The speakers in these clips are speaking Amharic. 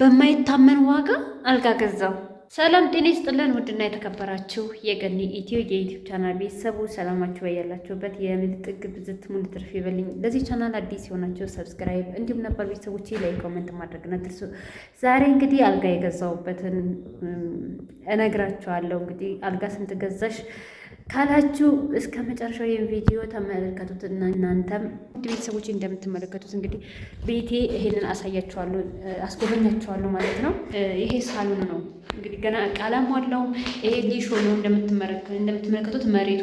በማይታመን ዋጋ አልጋ ገዛው። ሰላም ጤና ይስጥልን። ውድና የተከበራችሁ የገኒ ኢትዮ የዩቲዩብ ቻናል ቤተሰቡ ሰላማችሁ ያላችሁበት የምድር ጥግ ብዝት ሙሉ ትርፍ ይበልኝ። ለዚህ ቻናል አዲስ የሆናችሁ ሰብስክራይብ፣ እንዲሁም ነበር ቤተሰቦች ላይ ኮመንት ማድረግ ነትርሱ። ዛሬ እንግዲህ አልጋ የገዛውበትን እነግራችኋለሁ። እንግዲህ አልጋ ስንት ገዛሽ ካላችሁ እስከ መጨረሻው ይህን ቪዲዮ ተመለከቱት። እናንተም ውድ ቤተሰቦች እንደምትመለከቱት እንግዲህ ቤቴ ይሄንን አሳያችኋለሁ፣ አስጎበኛችኋለሁ ማለት ነው። ይሄ ሳሎን ነው እንግዲህ ገና ቀለም አለው። ይሄ ሊሾ ነው እንደምትመለከቱት፣ መሬቱ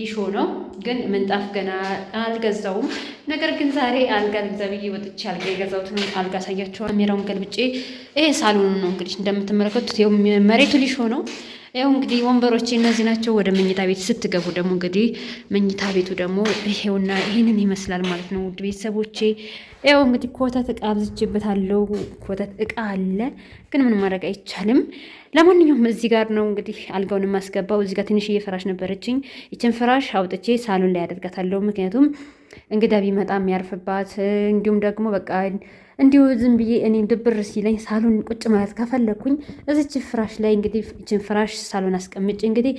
ሊሾ ነው፣ ግን ምንጣፍ ገና አልገዛውም። ነገር ግን ዛሬ አልጋ ልግዛ ብዬ ወጥቼ አልጋ የገዛሁትን አልጋ አሳያችኋለሁ። ካሜራውን ገልብጬ ይሄ ሳሎኑ ነው እንግዲህ እንደምትመለከቱት፣ መሬቱ ሊሾ ነው። ያው እንግዲህ ወንበሮች እነዚህ ናቸው። ወደ መኝታ ቤት ስትገቡ ደግሞ እንግዲህ መኝታ ቤቱ ደግሞ ይሄውና ይህንን ይመስላል ማለት ነው። ውድ ቤተሰቦቼ ያው እንግዲህ ኮተት እቃ አብዝቼበታለሁ። ኮተት እቃ አለ፣ ግን ምን ማድረግ አይቻልም። ለማንኛውም እዚህ ጋር ነው እንግዲህ አልጋውን የማስገባው። እዚህ ጋር ትንሽዬ ፍራሽ ነበረችኝ። ይችን ፍራሽ አውጥቼ ሳሎን ላይ አደርጋታለሁ። ምክንያቱም እንግዳ ቢመጣ የሚያርፍባት እንዲሁም ደግሞ በቃ እንዲሁ ዝም ብዬ እኔም ድብር ሲለኝ ሳሎን ቁጭ ማለት ከፈለግኩኝ እዚች ፍራሽ ላይ እንግዲህ እችን ፍራሽ ሳሎን አስቀምጭ እንግዲህ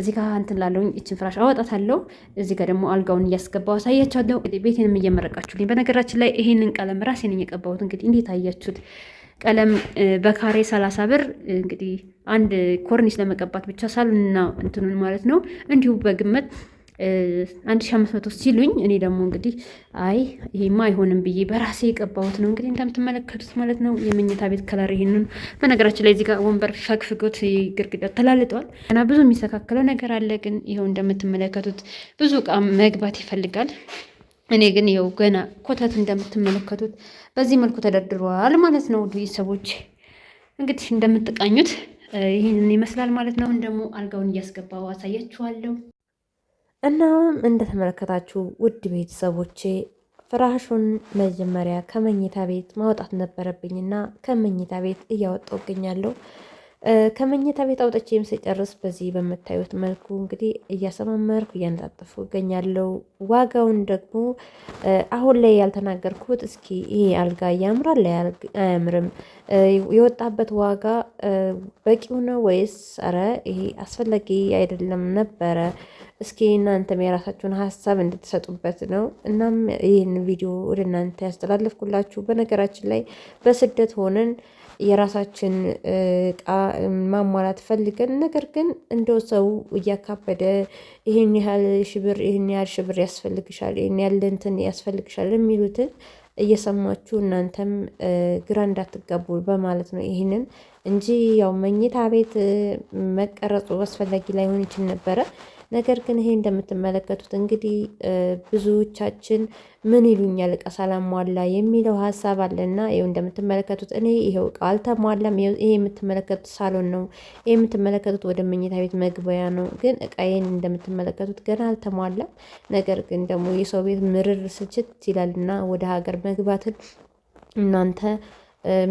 እዚ ጋ እንትን ላለውኝ እችን ፍራሽ አወጣታለሁ። እዚ ጋ ደግሞ አልጋውን እያስገባው አሳያችኋለሁ። እንግዲህ ቤቴንም እየመረቃችሁልኝ። በነገራችን ላይ ይሄንን ቀለም ራሴ ነኝ የቀባሁት። እንግዲህ እንዴት አያችሁት? ቀለም በካሬ ሰላሳ ብር እንግዲህ አንድ ኮርኒስ ለመቀባት ብቻ ሳሎንና እንትኑን ማለት ነው እንዲሁ በግመት አንድ ሺህ አምስት መቶ ሲሉኝ እኔ ደግሞ እንግዲህ አይ ይሄማ አይሆንም ብዬ በራሴ የቀባሁት ነው። እንግዲህ እንደምትመለከቱት ማለት ነው የመኝታ ቤት ከለር ይሄንን። በነገራችን ላይ እዚህ ጋር ወንበር ፈግፍጎት ግርግዳ ተላልጧል። እና ብዙ የሚስተካከለው ነገር አለ። ግን ይኸው እንደምትመለከቱት ብዙ እቃ መግባት ይፈልጋል። እኔ ግን ይኸው ገና ኮተት እንደምትመለከቱት በዚህ መልኩ ተደርድሯል ማለት ነው። ሰዎች እንግዲህ እንደምትቃኙት ይህንን ይመስላል ማለት ነው። አሁን ደግሞ አልጋውን እያስገባው አሳያችኋለሁ። እናም እንደተመለከታችሁ ውድ ቤተሰቦቼ ፍራሹን መጀመሪያ ከመኝታ ቤት ማውጣት ነበረብኝና ከመኝታ ቤት እያወጣው እገኛለሁ። ከመኝታ ቤት አውጥቼም ስጨርስ በዚህ በምታዩት መልኩ እንግዲህ እያሰማመርኩ እያነጣጠፉ እገኛለሁ። ዋጋውን ደግሞ አሁን ላይ ያልተናገርኩት እስኪ ይሄ አልጋ ያምራል አያምርም? የወጣበት ዋጋ በቂው ነው ወይስ ኧረ ይሄ አስፈላጊ አይደለም ነበረ? እስኪ እናንተም የራሳችሁን ሀሳብ እንድትሰጡበት ነው። እናም ይህን ቪዲዮ ወደ እናንተ ያስተላለፍኩላችሁ። በነገራችን ላይ በስደት ሆነን የራሳችን ማሟላት ፈልገን ነገር ግን እንደው ሰው እያካበደ ይህን ያህል ሽብር ይህን ያህል ሽብር ያስፈልግሻል ይህን ያህል እንትን ያስፈልግሻል የሚሉትን እየሰማችሁ እናንተም ግራ እንዳትጋቡ በማለት ነው ይህንን እንጂ ያው መኝታ ቤት መቀረጹ አስፈላጊ ላይሆን ይችል ነበረ። ነገር ግን ይሄ እንደምትመለከቱት እንግዲህ ብዙዎቻችን ምን ይሉኛል እቃ ሳላሟላ የሚለው ሀሳብ አለና ይኸው እንደምትመለከቱት እኔ ይኸው እቃ አልተሟላም። ይሄ የምትመለከቱት ሳሎን ነው። ይሄ የምትመለከቱት ወደ መኝታ ቤት መግቢያ ነው። ግን እቃዬን እንደምትመለከቱት ገና አልተሟላም። ነገር ግን ደግሞ የሰው ቤት ምርር ስችት ይላልና ወደ ሀገር መግባትን እናንተ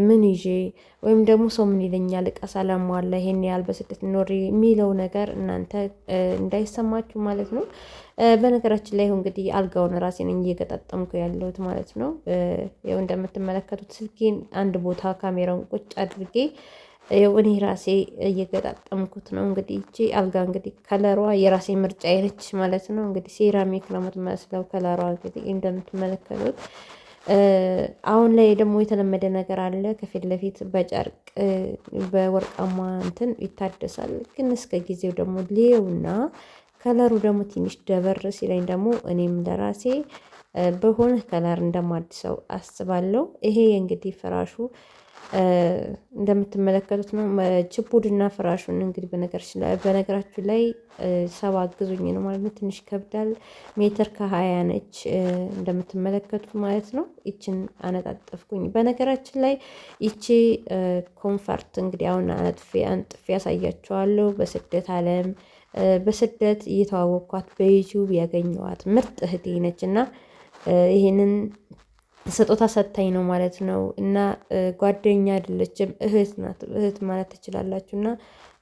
ምን ይዤ ወይም ደግሞ ሰው ምን ይለኛል፣ እቃ ሳላሟላ ይሄን ያህል በስደት ኖሬ የሚለው ነገር እናንተ እንዳይሰማችሁ ማለት ነው። በነገራችን ላይ ይኸው እንግዲህ አልጋውን ራሴን እየገጣጠምኩ ያለሁት ማለት ነው። ይኸው እንደምትመለከቱት ስልኬን አንድ ቦታ ካሜራውን ቁጭ አድርጌ እኔ ራሴ እየገጣጠምኩት ነው። እንግዲህ ይቺ አልጋ እንግዲህ ከለሯ የራሴ ምርጫ አይነች ማለት ነው። እንግዲህ ሴራሚክ ነው የምትመስለው ከለሯ እንግዲህ እንደምትመለከቱት አሁን ላይ ደግሞ የተለመደ ነገር አለ። ከፊት ለፊት በጨርቅ በወርቃማ እንትን ይታደሳል። ግን እስከ ጊዜው ደግሞ ሌውና ከለሩ ደግሞ ትንሽ ደበር ሲለኝ ደግሞ እኔም ለራሴ በሆነ ከለር እንደማድሰው አስባለሁ። ይሄ እንግዲህ ፍራሹ እንደምትመለከቱት ነው። ችቡድና ፍራሹን እንግዲህ በነገራችሁ ላይ ሰባ አግዙኝ ነው ማለት ነው። ትንሽ ከብዳል። ሜትር ከሀያ ነች እንደምትመለከቱት ማለት ነው። ይችን አነጣጠፍኩኝ። በነገራችን ላይ ይቺ ኮንፈርት እንግዲህ አሁን አነጥፌ አንጥፌ ያሳያችኋለሁ። በስደት አለም በስደት እየተዋወቅኳት በዩቲዩብ ያገኘዋት ምርጥ እህቴ ነች እና ይሄንን ስጦታ ሰጥታኝ ነው ማለት ነው። እና ጓደኛ አይደለችም እህት ናት። እህት ማለት ትችላላችሁ። እና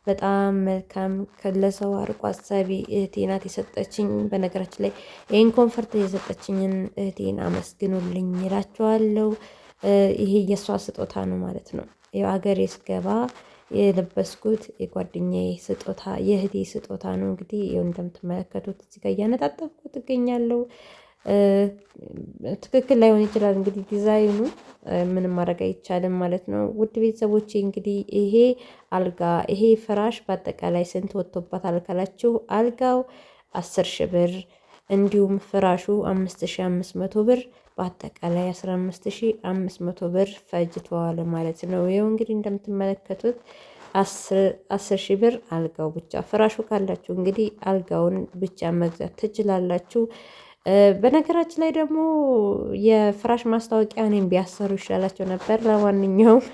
በጣም መልካም ከለሰው አርቆ አሳቢ እህቴ ናት የሰጠችኝ። በነገራችን ላይ ይህን ኮንፈርት የሰጠችኝን እህቴን አመስግኑልኝ ይላቸዋለው። ይሄ የእሷ ስጦታ ነው ማለት ነው። ያው ስገባ የለበስኩት የጓደኛዬ ስጦታ የእህቴ ስጦታ ነው። እንግዲህ ይኸው እንደምትመለከቱት እዚህ ጋር እያነጣጠፍኩት እገኛለሁ። ትክክል ላይሆን ይችላል። እንግዲህ ዲዛይኑ ምንም ማድረግ አይቻልም ማለት ነው። ውድ ቤተሰቦች እንግዲህ ይሄ አልጋ ይሄ ፍራሽ በአጠቃላይ ስንት ወጥቶበታል ካላችሁ አልጋው አስር ሺ ብር እንዲሁም ፍራሹ አምስት ሺ አምስት መቶ ብር በአጠቃላይ አስራ አምስት ሺ አምስት መቶ ብር ፈጅተዋል ማለት ነው። ይኸው እንግዲህ እንደምትመለከቱት አስር ሺህ ብር አልጋው ብቻ ፍራሹ ካላችሁ እንግዲህ አልጋውን ብቻ መግዛት ትችላላችሁ። በነገራችን ላይ ደግሞ የፍራሽ ማስታወቂያ እኔም ቢያሰሩ ይሻላቸው ነበር። ለማንኛውም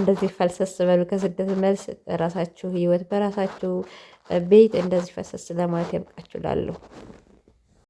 እንደዚህ ፈልሰስ በሉ ከስደት መልስ ራሳችሁ ህይወት በራሳችሁ ቤት እንደዚህ ፈሰስ ለማለት ያብቃችሁ ላለሁ